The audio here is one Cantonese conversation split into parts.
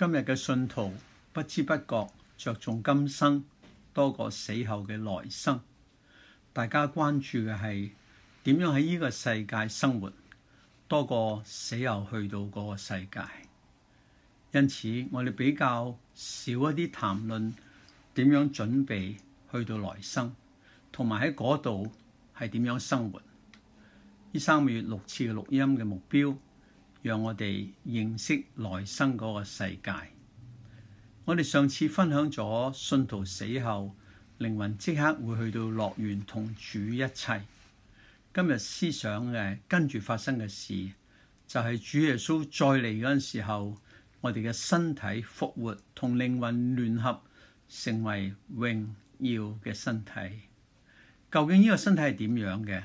今日嘅信徒不知不覺着重今生多過死後嘅來生，大家關注嘅係點樣喺呢個世界生活多過死後去到嗰個世界。因此，我哋比較少一啲談論點樣準備去到來生，同埋喺嗰度係點樣生活。呢三個月六次嘅錄音嘅目標。讓我哋認識來生嗰個世界。我哋上次分享咗信徒死後靈魂即刻會去到樂園同主一齊。今日思想嘅跟住發生嘅事，就係、是、主耶穌再嚟嗰陣時候，我哋嘅身體復活同靈魂聯合，成為榮耀嘅身體。究竟呢個身體係點樣嘅？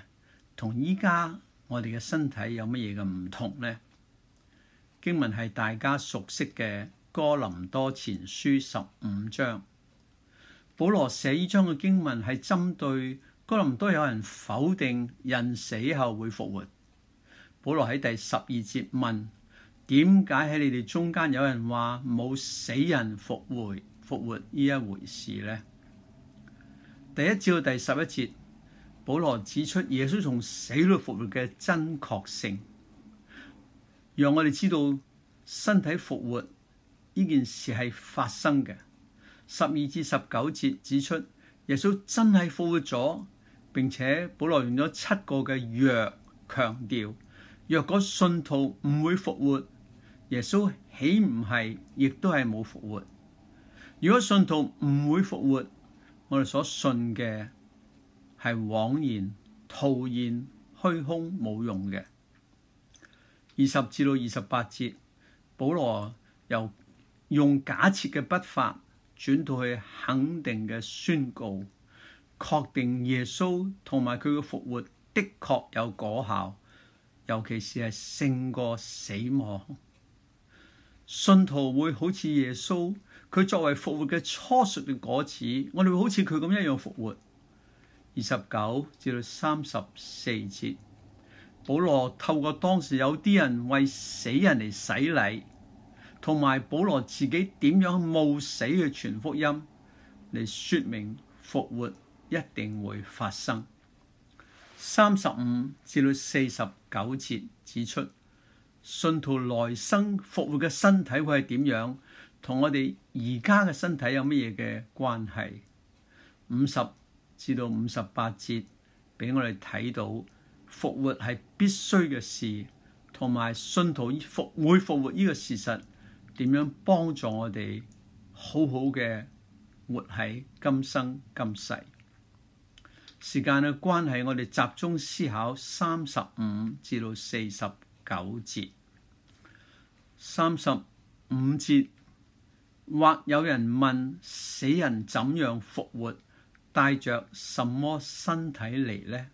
同依家我哋嘅身體有乜嘢嘅唔同呢？經文係大家熟悉嘅哥林多前書十五章，保羅寫呢章嘅經文係針對哥林多有人否定人死後會復活。保羅喺第十二節問：「點解喺你哋中間有人話冇死人復活復活呢一回事呢？」第一至第十一節，保羅指出耶穌從死裏復活嘅真確性。讓我哋知道身體復活呢件事係發生嘅。十二至十九節指出耶穌真係復活咗，並且保羅用咗七個嘅若強調：若果信徒唔會復活，耶穌豈唔係亦都係冇復活？如果信徒唔會復活，我哋所信嘅係枉然、徒然、虛空、冇用嘅。二十至到二十八節，保羅由用假設嘅筆法轉到去肯定嘅宣告，確定耶穌同埋佢嘅復活的確有果效，尤其是係勝過死亡。信徒會好似耶穌，佢作為復活嘅初熟嘅果子，我哋會好似佢咁一樣復活。二十九至到三十四節。保羅透過當時有啲人為死人嚟洗禮，同埋保羅自己點樣冒死嘅全福音嚟說明復活一定會發生。三十五至到四十九節指出，信徒來生復活嘅身體會係點樣，同我哋而家嘅身體有乜嘢嘅關係？五十至到五十八節俾我哋睇到。復活係必須嘅事，同埋信徒復會復活呢個事實，點樣幫助我哋好好嘅活喺今生今世？時間嘅關係，我哋集中思考三十五至到四十九節。三十五節，或有人問：死人怎樣復活？帶着什麼身體嚟呢？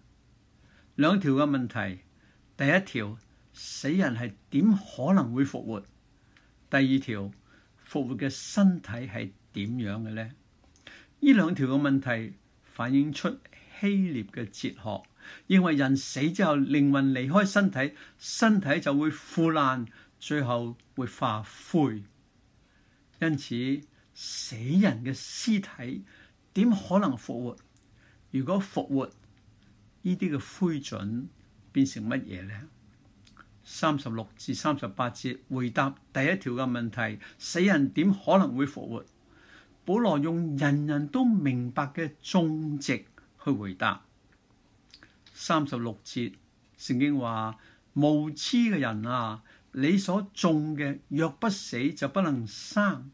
兩條嘅問題，第一條死人係點可能會復活？第二條復活嘅身體係點樣嘅呢？呢兩條嘅問題反映出希臘嘅哲學認為人死之後靈魂離開身體，身體就會腐爛，最後會化灰。因此，死人嘅屍體點可能復活？如果復活，呢啲嘅灰燼變成乜嘢咧？三十六至三十八節回答第一條嘅問題：死人點可能會復活？保羅用人人都明白嘅種植去回答。三十六節聖經話：無知嘅人啊，你所種嘅若不死就不能生，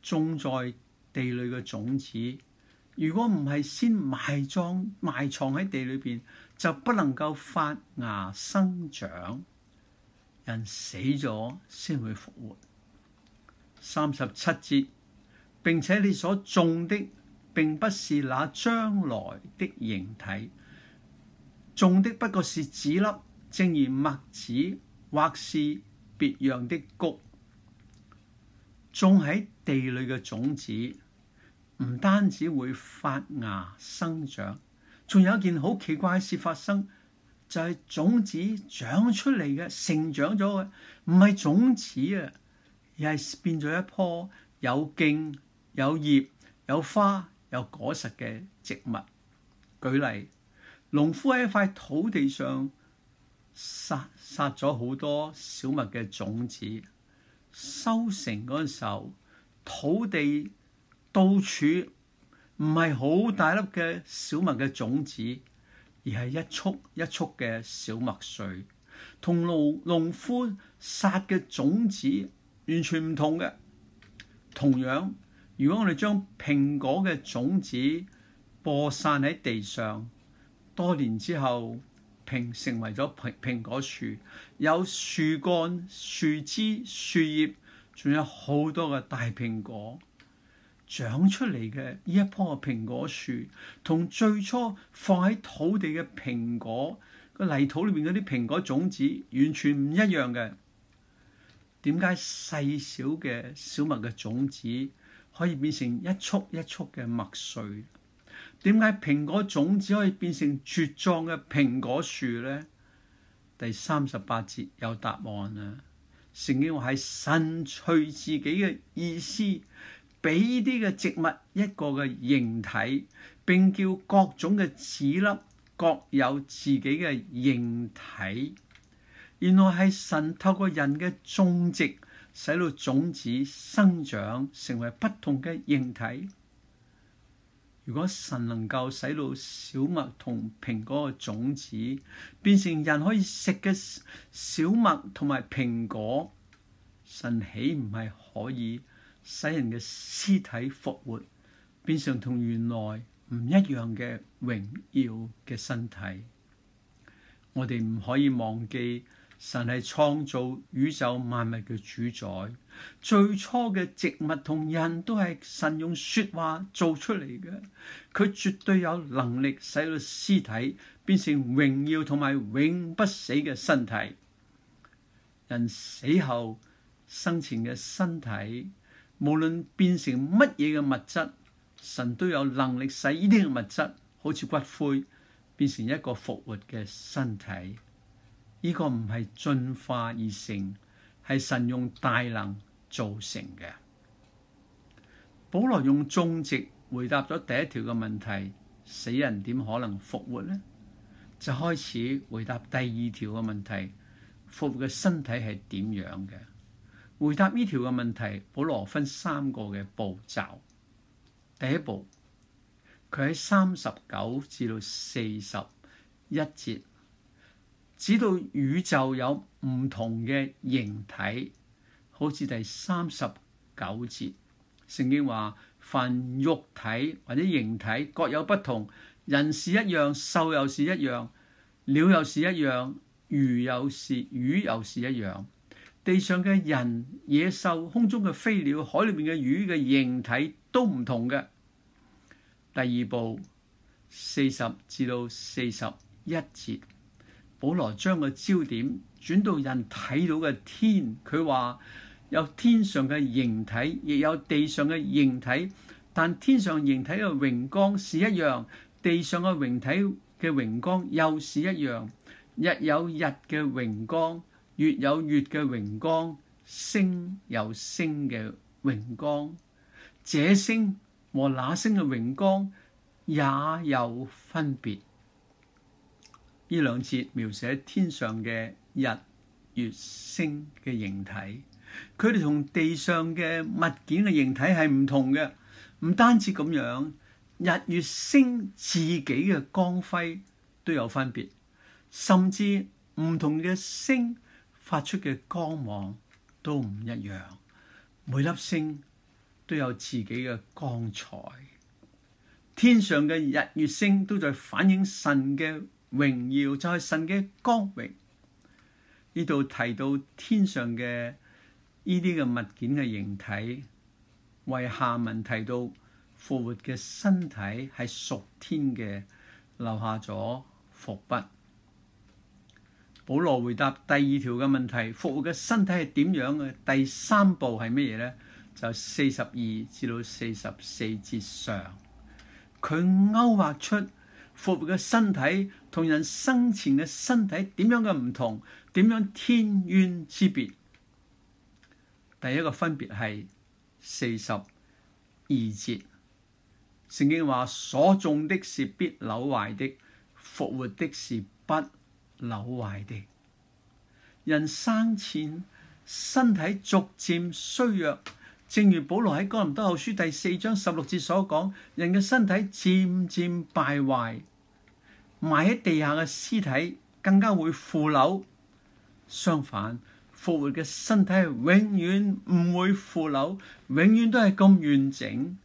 種在地裏嘅種子。如果唔係先埋葬，埋藏喺地裏邊，就不能夠發芽生長。人死咗先會復活。三十七節，並且你所種的，並不是那將來的形體，種的不過是籽粒，正如麥子或是別樣的穀，種喺地裏嘅種子。唔單止會發芽生長，仲有一件好奇怪嘅事發生，就係、是、種子長出嚟嘅，成長咗嘅，唔係種子啊，而係變咗一棵有莖、有葉、有花、有果實嘅植物。舉例，農夫喺一塊土地上撒撒咗好多小麥嘅種子，收成嗰陣時候，土地，到處唔係好大粒嘅小麥嘅種子，而係一束一束嘅小麥穗，同農農夫撒嘅種子完全唔同嘅。同樣，如果我哋將蘋果嘅種子播散喺地上，多年之後，蘋成為咗蘋蘋果樹，有樹幹、樹枝、樹葉，仲有好多嘅大蘋果。長出嚟嘅呢一棵蘋果樹，同最初放喺土地嘅蘋果個泥土裏面嗰啲蘋果種子完全唔一樣嘅。點解細小嘅小麥嘅種子可以變成一束一束嘅麥穗？點解蘋果種子可以變成茁壯嘅蘋果樹咧？第三十八節有答案啦。聖經話係神隨自己嘅意思。俾呢啲嘅植物一個嘅形體，並叫各種嘅子粒各有自己嘅形體。原來係神透過人嘅種植，使到種子生長成為不同嘅形體。如果神能夠使到小麥同蘋果嘅種子變成人可以食嘅小麥同埋蘋果，神豈唔係可以？使人嘅屍體復活，變成同原來唔一樣嘅榮耀嘅身體。我哋唔可以忘記，神係創造宇宙萬物嘅主宰。最初嘅植物同人都係神用説話做出嚟嘅，佢絕對有能力使到屍體變成榮耀同埋永不死嘅身體。人死後，生前嘅身體。無論變成乜嘢嘅物質，神都有能力使呢啲嘅物質好似骨灰，變成一個復活嘅身體。呢個唔係進化而成，係神用大能造成嘅。保羅用種植回答咗第一條嘅問題：「死人點可能復活呢？」就開始回答第二條嘅問題：復活嘅身體係點樣嘅？回答呢條嘅問題，保羅分三個嘅步驟。第一步，佢喺三十九至到四十一節，指到宇宙有唔同嘅形體，好似第三十九節，聖經話：凡肉體或者形體各有不同，人是一樣，獸又是一樣，鳥又是一樣，魚又是，魚又是一樣。地上嘅人、野獸、空中嘅飛鳥、海裏面嘅魚嘅形體都唔同嘅。第二部四十至到四十一節，保羅將個焦點轉到人睇到嘅天。佢話有天上嘅形體，亦有地上嘅形體。但天上形體嘅榮光是一樣，地上嘅榮體嘅榮光又是一樣。日有日嘅榮光。月有月嘅榮光，星有星嘅榮光。這星和那星嘅榮光也有分別。呢兩節描寫天上嘅日、月、星嘅形體，佢哋同地上嘅物件嘅形體係唔同嘅。唔單止咁樣，日、月、星自己嘅光輝都有分別，甚至唔同嘅星。發出嘅光芒都唔一樣，每粒星都有自己嘅光彩。天上嘅日月星都在反映神嘅榮耀，就係、是、神嘅光榮。呢度提到天上嘅呢啲嘅物件嘅形體，為下文提到復活嘅身體係屬天嘅，留下咗伏筆。保羅回答第二條嘅問題，復活嘅身體係點樣嘅？第三步係乜嘢咧？就四十二至到四十四節上，佢勾畫出復活嘅身體同人生前嘅身體點樣嘅唔同，點樣天淵之別。第一個分別係四十二節，聖經話所種的是必朽壞的，復活的是不。扭壞啲，人生前身體逐漸衰弱，正如保羅喺哥林多後書第四章十六節所講，人嘅身體漸漸敗壞，埋喺地下嘅屍體更加會腐朽。相反，復活嘅身體永遠唔會腐朽，永遠都係咁完整。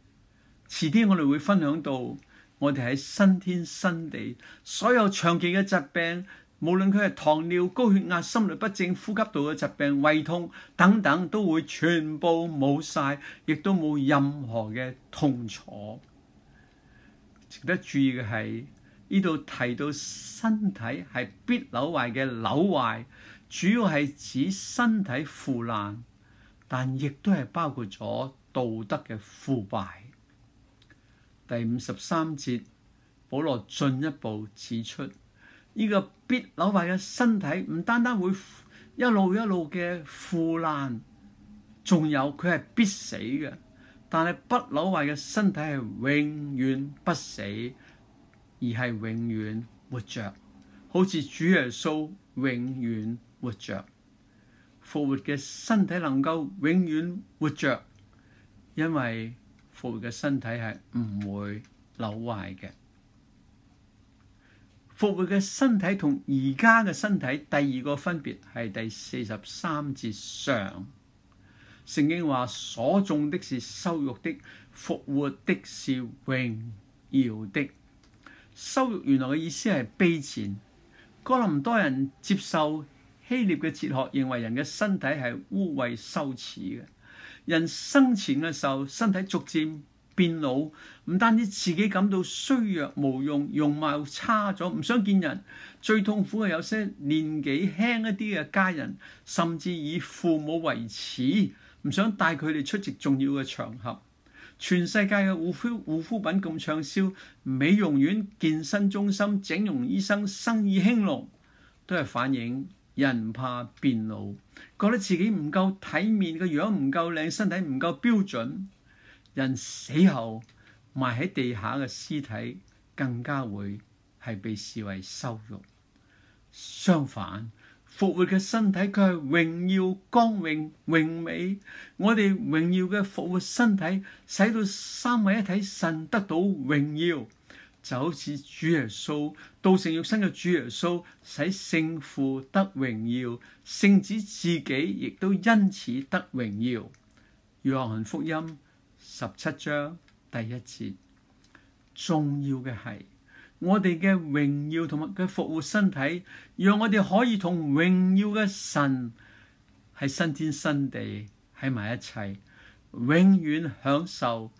遲啲我哋會分享到，我哋喺新天新地，所有長期嘅疾病。無論佢係糖尿、高血壓、心律不正、呼吸道嘅疾病、胃痛等等，都會全部冇晒，亦都冇任何嘅痛楚。值得注意嘅係呢度提到身體係必朽壞嘅朽壞，主要係指身體腐爛，但亦都係包括咗道德嘅腐敗。第五十三節，保羅進一步指出呢、這個。必朽壞嘅身體唔單單會一路一路嘅腐爛，仲有佢係必死嘅。但係不朽壞嘅身體係永遠不死，而係永遠活着。好似主耶穌永遠活着，復活嘅身體能夠永遠活着，因為復活嘅身體係唔會朽壞嘅。復活嘅身體同而家嘅身體，第二個分別係第四十三節上，聖經話，所種的是羞辱的，復活的是榮耀的。羞辱原來嘅意思係卑賤。哥林多人接受希臘嘅哲學，認為人嘅身體係污穢羞恥嘅，人生前嘅時候身體逐漸變老唔單止自己感到衰弱無用，容貌差咗，唔想見人。最痛苦係有些年紀輕一啲嘅家人，甚至以父母為恥，唔想帶佢哋出席重要嘅場合。全世界嘅護膚護膚品咁暢銷，美容院、健身中心、整容醫生生意興隆，都係反映人怕變老，覺得自己唔夠體面，個樣唔夠靚，身體唔夠標準。人死後埋喺地下嘅屍體更加會係被視為羞辱。相反，復活嘅身體佢係榮耀、光榮、榮美。我哋榮耀嘅復活身體，使到三位一體神得到榮耀，就好似主耶穌道成肉身嘅主耶穌，使聖父得榮耀，聖子自己亦都因此得榮耀。約翰福音。十七章第一節，重要嘅係我哋嘅榮耀同埋佢復活身體，讓我哋可以同榮耀嘅神喺新天新地喺埋一齊，永遠享受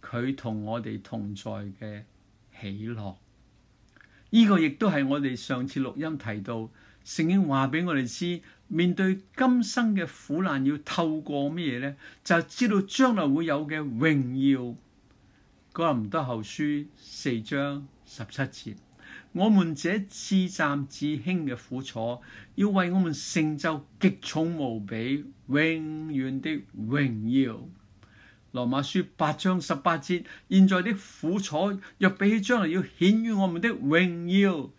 佢同我哋同在嘅喜樂。呢個亦都係我哋上次錄音提到，聖經話俾我哋知。面對今生嘅苦難，要透過乜嘢呢？就知道將來會有嘅榮耀。哥林多後書四章十七節，我們這至暫至輕嘅苦楚，要為我們成就極重無比、永遠的榮耀。羅馬書八章十八節，現在的苦楚若比起將來要顯於我們的榮耀，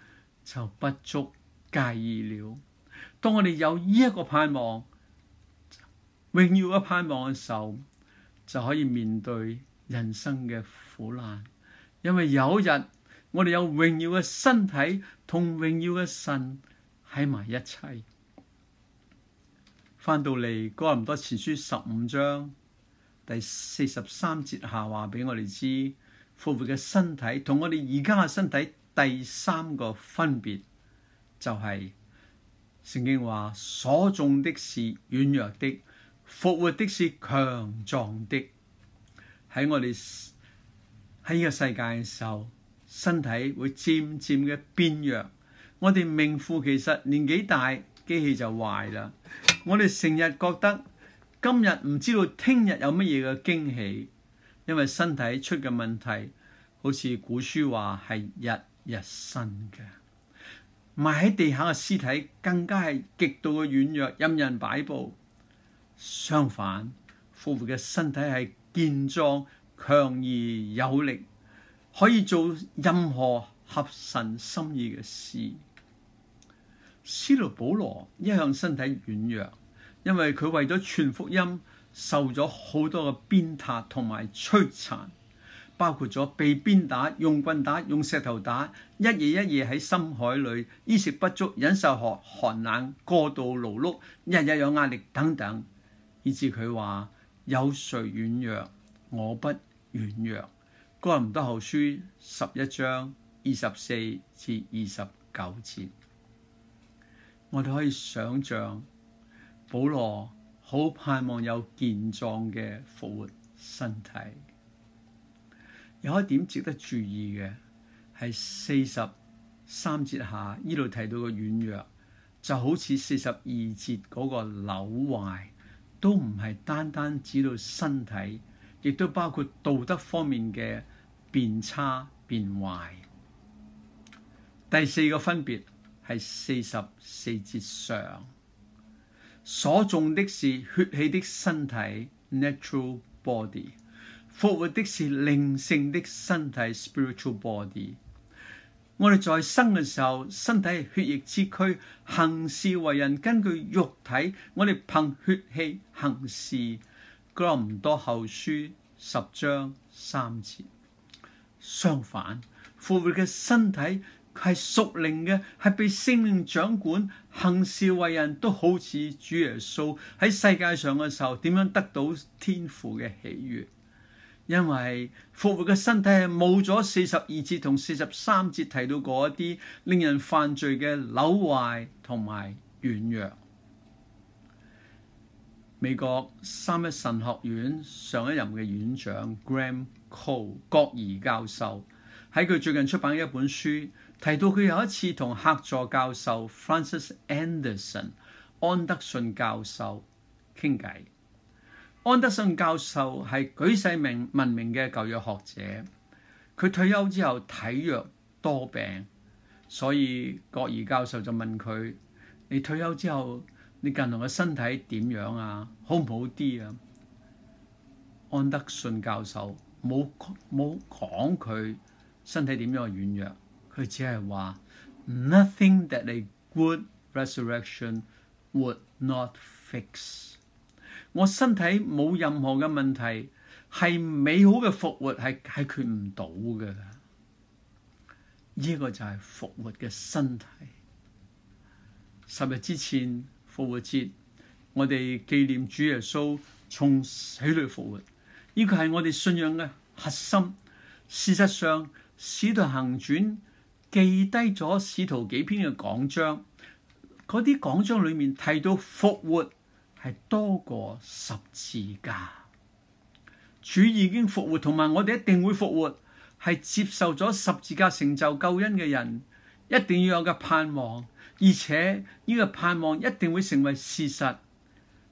就不足介意了。當我哋有呢一個盼望，榮耀嘅盼望嘅時候，就可以面對人生嘅苦難，因為有一日我哋有榮耀嘅身體同榮耀嘅神喺埋一齊。翻到嚟，哥林多前書十五章第四十三節下話俾我哋知復活嘅身體同我哋而家嘅身體第三個分別就係，是。聖經話：所種的是軟弱的，復活的是強壯的。喺我哋喺呢個世界嘅時候，身體會漸漸嘅變弱。我哋名副其實年紀大，機器就壞啦。我哋成日覺得今日唔知道聽日有乜嘢嘅驚喜，因為身體出嘅問題，好似古書話係日日新嘅。埋喺地下嘅屍體更加係極度嘅軟弱，任人擺布。相反，復活嘅身體係健壯、強而有力，可以做任何合神心意嘅事。使徒保羅一向身體軟弱，因為佢為咗傳福音，受咗好多嘅鞭撻同埋摧殘。包括咗被鞭打、用棍打、用石頭打，一夜一夜喺深海裏，衣食不足，忍受寒寒冷，過度勞碌，日日有壓力等等，以至佢話有誰軟弱，我不軟弱。哥林多後書十一章二十四至二十九節，我哋可以想象保羅好盼望有健壯嘅復活身體。有一點值得注意嘅係四十三節下呢度提到嘅軟弱，就好似四十二節嗰個扭壞，都唔係單單指到身體，亦都包括道德方面嘅變差變壞。第四個分別係四十四節上所重的是血氣的身體 （natural body）。復活的是靈性的身體 （spiritual body）。我哋在生嘅時候，身體係血液之軀，行事為人根據肉體。我哋憑血氣行事。哥林多後書十章三節，相反復活嘅身體係屬靈嘅，係被聖靈掌管，行事為人都好似主耶穌喺世界上嘅時候，點樣得到天父嘅喜悦。因為復活嘅身體係冇咗四十二節同四十三節提到過一啲令人犯罪嘅扭壞同埋軟弱。美國三一神學院上一任嘅院長 Graham Cole 國儀教授喺佢最近出版嘅一本書，提到，佢有一次同客座教授 Francis Anderson 安德遜教授傾偈。安德信教授係舉世名聞名嘅舊約學者，佢退休之後體弱多病，所以郭怡教授就問佢：你退休之後你近來嘅身體點樣啊？好唔好啲啊？安德信教授冇冇講佢身體點樣軟弱，佢只係話：Nothing that a good resurrection would not fix。我身體冇任何嘅問題，係美好嘅復活係解決唔到嘅。呢個就係復活嘅身體。十日之前復活節，我哋紀念主耶穌從死裏復活。呢個係我哋信仰嘅核心。事實上，《使徒行傳》記低咗使徒幾篇嘅講章，嗰啲講章裡面提到復活。係多過十字架，主已經復活，同埋我哋一定會復活。係接受咗十字架成就救恩嘅人，一定要有個盼望，而且呢個盼望一定會成為事實。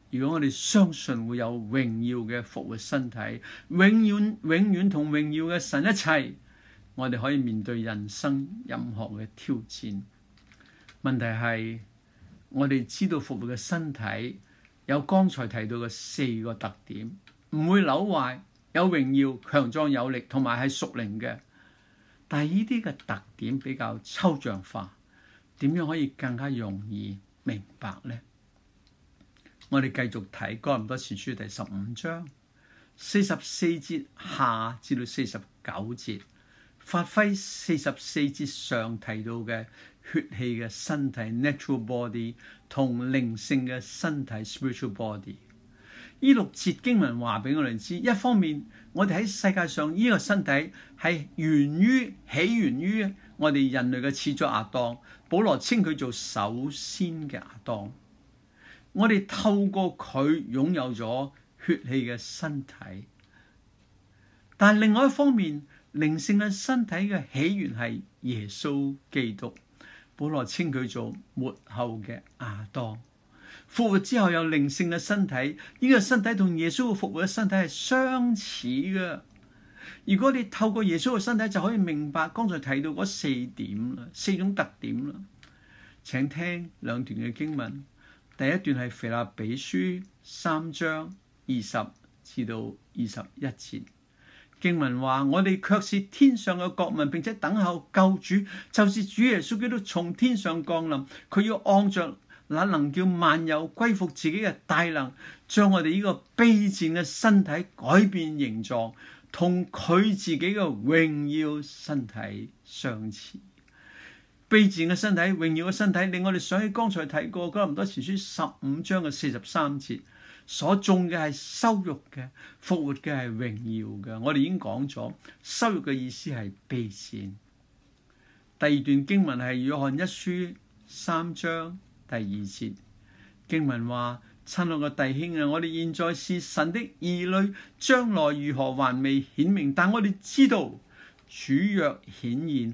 如果我哋相信會有榮耀嘅復活身體，永遠永遠同榮耀嘅神一齊，我哋可以面對人生任何嘅挑戰。問題係我哋知道復活嘅身體。有剛才提到嘅四個特點，唔會朽壞，有榮耀、強壯有力，同埋係屬靈嘅。但係呢啲嘅特點比較抽象化，點樣可以更加容易明白呢？我哋繼續睇《哥林多前書》第十五章四十四節下至到四十九節，發揮四十四節上提到嘅。血氣嘅身體 （natural body） 同靈性嘅身體 （spiritual body）。呢六節經文話俾我哋知，一方面我哋喺世界上呢、這個身體係源於起源於我哋人類嘅始祖亞當。保羅稱佢做首先嘅亞當。我哋透過佢擁有咗血氣嘅身體，但另外一方面，靈性嘅身體嘅起源係耶穌基督。保羅稱佢做末後嘅亞當，復活之後有靈性嘅身體，呢個身體同耶穌復活嘅身體係相似嘅。如果你透過耶穌嘅身體就可以明白剛才提到嗰四點啦，四種特點啦，請聽兩段嘅經文。第一段係腓立比書三章二十至到二十一節。經文話：我哋卻是天上嘅國民，並且等候救主，就是主耶穌基督從天上降臨。佢要按着那能叫萬有歸服自己嘅大能，將我哋呢個卑賤嘅身體改變形狀，同佢自己嘅榮耀身體相似。卑賤嘅身體，榮耀嘅身體，令我哋想起剛才睇過《哥林多前書》十五章嘅四十三節。所種嘅係羞辱嘅，復活嘅係榮耀嘅。我哋已經講咗，羞辱嘅意思係卑賤。第二段經文係約翰一書三章第二節，經文話，親愛嘅弟兄啊，我哋現在是神的兒女，將來如何還未顯明，但我哋知道主若顯現，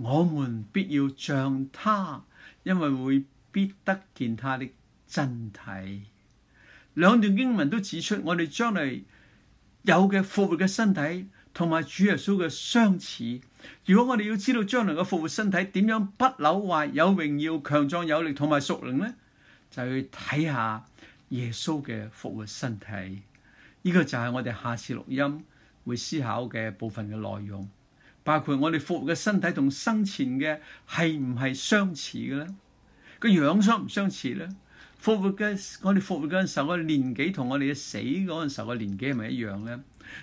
我們必要像他，因為會必得見他的真體。兩段英文都指出，我哋將來有嘅復活嘅身體同埋主耶穌嘅相似。如果我哋要知道將來嘅復活身體點樣不朽壞、有榮耀、強壯有力同埋屬靈呢，就去睇下耶穌嘅復活身體。呢個就係我哋下次錄音會思考嘅部分嘅內容，包括我哋復活嘅身體同生前嘅係唔係相似嘅咧？個樣相唔相似呢？復活嘅我哋復活嗰陣時候嘅年紀同我哋死嗰陣時候嘅年紀係咪一樣咧？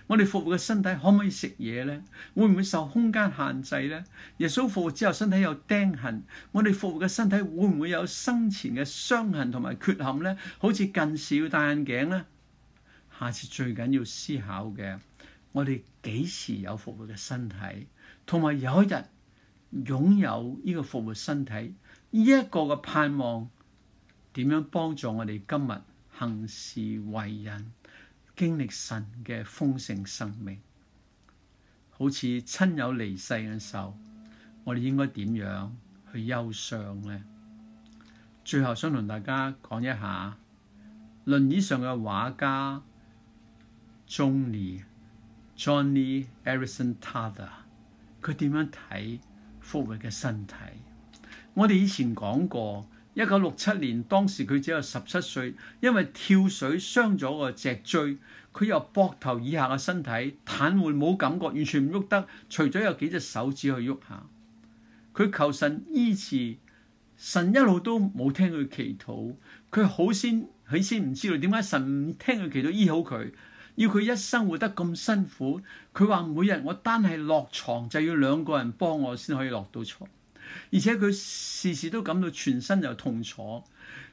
我哋復活嘅身體可唔可以食嘢咧？會唔會受空間限制咧？耶穌復活之後身體有釘痕，我哋復活嘅身體會唔會有生前嘅傷痕同埋缺陷咧？好似近視要戴眼鏡咧，下次最緊要思考嘅，我哋幾時有復活嘅身體，同埋有一日擁有呢個復活身體，呢一個嘅盼望。點樣幫助我哋今日行事為人，經歷神嘅豐盛生命？好似親友離世嘅時候，我哋應該點樣去憂傷咧？最後想同大家講一下，輪椅上嘅畫家，Johnny Johnny Ericson Tather，佢點樣睇復活嘅身體？我哋以前講過。一九六七年，當時佢只有十七歲，因為跳水傷咗個脊椎，佢由膊頭以下嘅身體癱瘓冇感覺，完全唔喐得，除咗有幾隻手指去喐下。佢求神醫治，神一路都冇聽佢祈禱。佢好先，佢先唔知道點解神唔聽佢祈禱醫好佢，要佢一生活得咁辛苦。佢話：「每日我單係落床，就要兩個人幫我先可以落到床。」而且佢時時都感到全身又痛楚，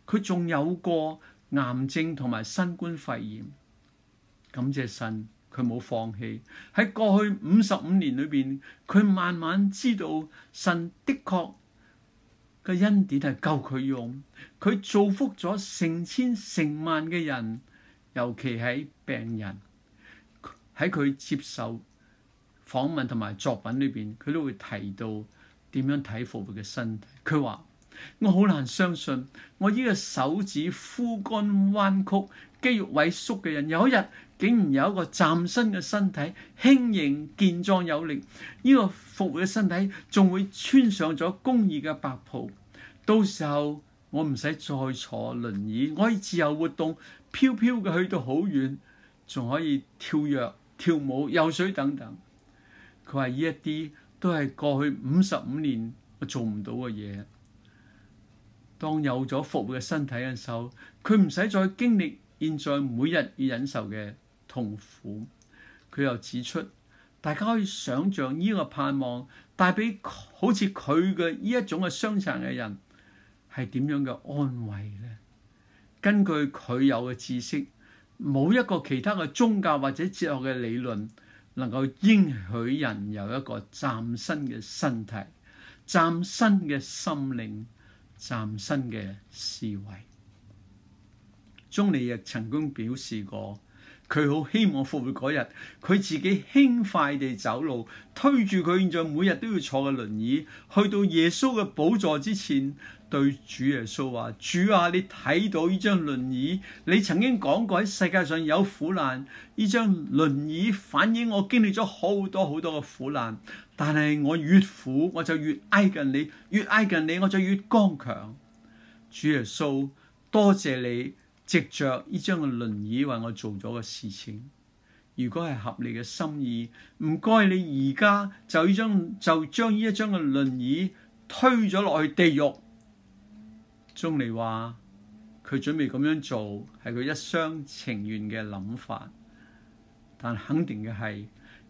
佢仲有過癌症同埋新冠肺炎。感謝神，佢冇放棄。喺過去五十五年裏邊，佢慢慢知道神的確嘅恩典係夠佢用，佢造福咗成千成萬嘅人，尤其係病人。喺佢接受訪問同埋作品裏邊，佢都會提到。點樣睇復活嘅身體？佢話：我好難相信，我呢個手指枯乾彎曲、肌肉萎縮嘅人，有一日竟然有一個嶄新嘅身體，輕盈健壯有力。呢、這個復活嘅身體仲會穿上咗公義嘅白袍。到時候我唔使再坐輪椅，我可以自由活動，飄飄嘅去到好遠，仲可以跳躍、跳舞、游水等等。佢話呢一啲。都係過去五十五年我做唔到嘅嘢。當有咗復活嘅身體嘅時候，佢唔使再經歷現在每日要忍受嘅痛苦。佢又指出，大家可以想像呢個盼望帶俾好似佢嘅呢一種嘅傷殘嘅人係點樣嘅安慰呢？根據佢有嘅知識，冇一個其他嘅宗教或者哲學嘅理論。能夠應許人有一個嶄新嘅身體、嶄新嘅心靈、嶄新嘅思維。鍾麗亦曾經表示過。佢好希望復活嗰日，佢自己輕快地走路，推住佢現在每日都要坐嘅輪椅，去到耶穌嘅寶座之前，對主耶穌話：主啊，你睇到呢張輪椅，你曾經講過喺世界上有苦難，呢張輪椅反映我經歷咗好多好多嘅苦難，但係我越苦我就越挨近你，越挨近你我就越剛強。主耶穌，多謝你。藉着呢張嘅輪椅為我做咗嘅事情，如果係合你嘅心意，唔該你而家就呢張就將呢一張嘅輪椅推咗落去地獄。鍾尼話佢準備咁樣做係佢一廂情願嘅諗法，但肯定嘅係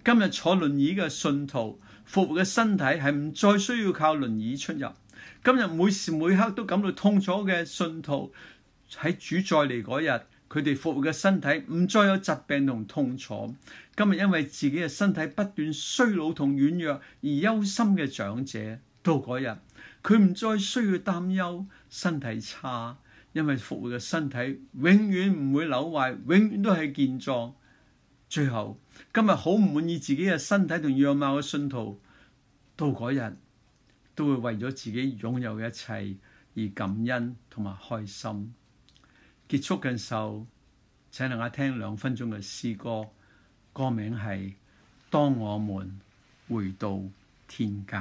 今日坐輪椅嘅信徒復活嘅身體係唔再需要靠輪椅出入。今日每時每刻都感到痛楚嘅信徒。喺主再嚟嗰日，佢哋復活嘅身體唔再有疾病同痛楚。今日因為自己嘅身體不斷衰老同軟弱而憂心嘅長者，到嗰日佢唔再需要擔憂身體差，因為復活嘅身體永遠唔會朽壞，永遠都係健壯。最後今日好唔滿意自己嘅身體同樣貌嘅信徒，到嗰日都會為咗自己擁有嘅一切而感恩同埋開心。結束嘅時候，請大家聽兩分鐘嘅詩歌，歌名係《當我們回到天家》。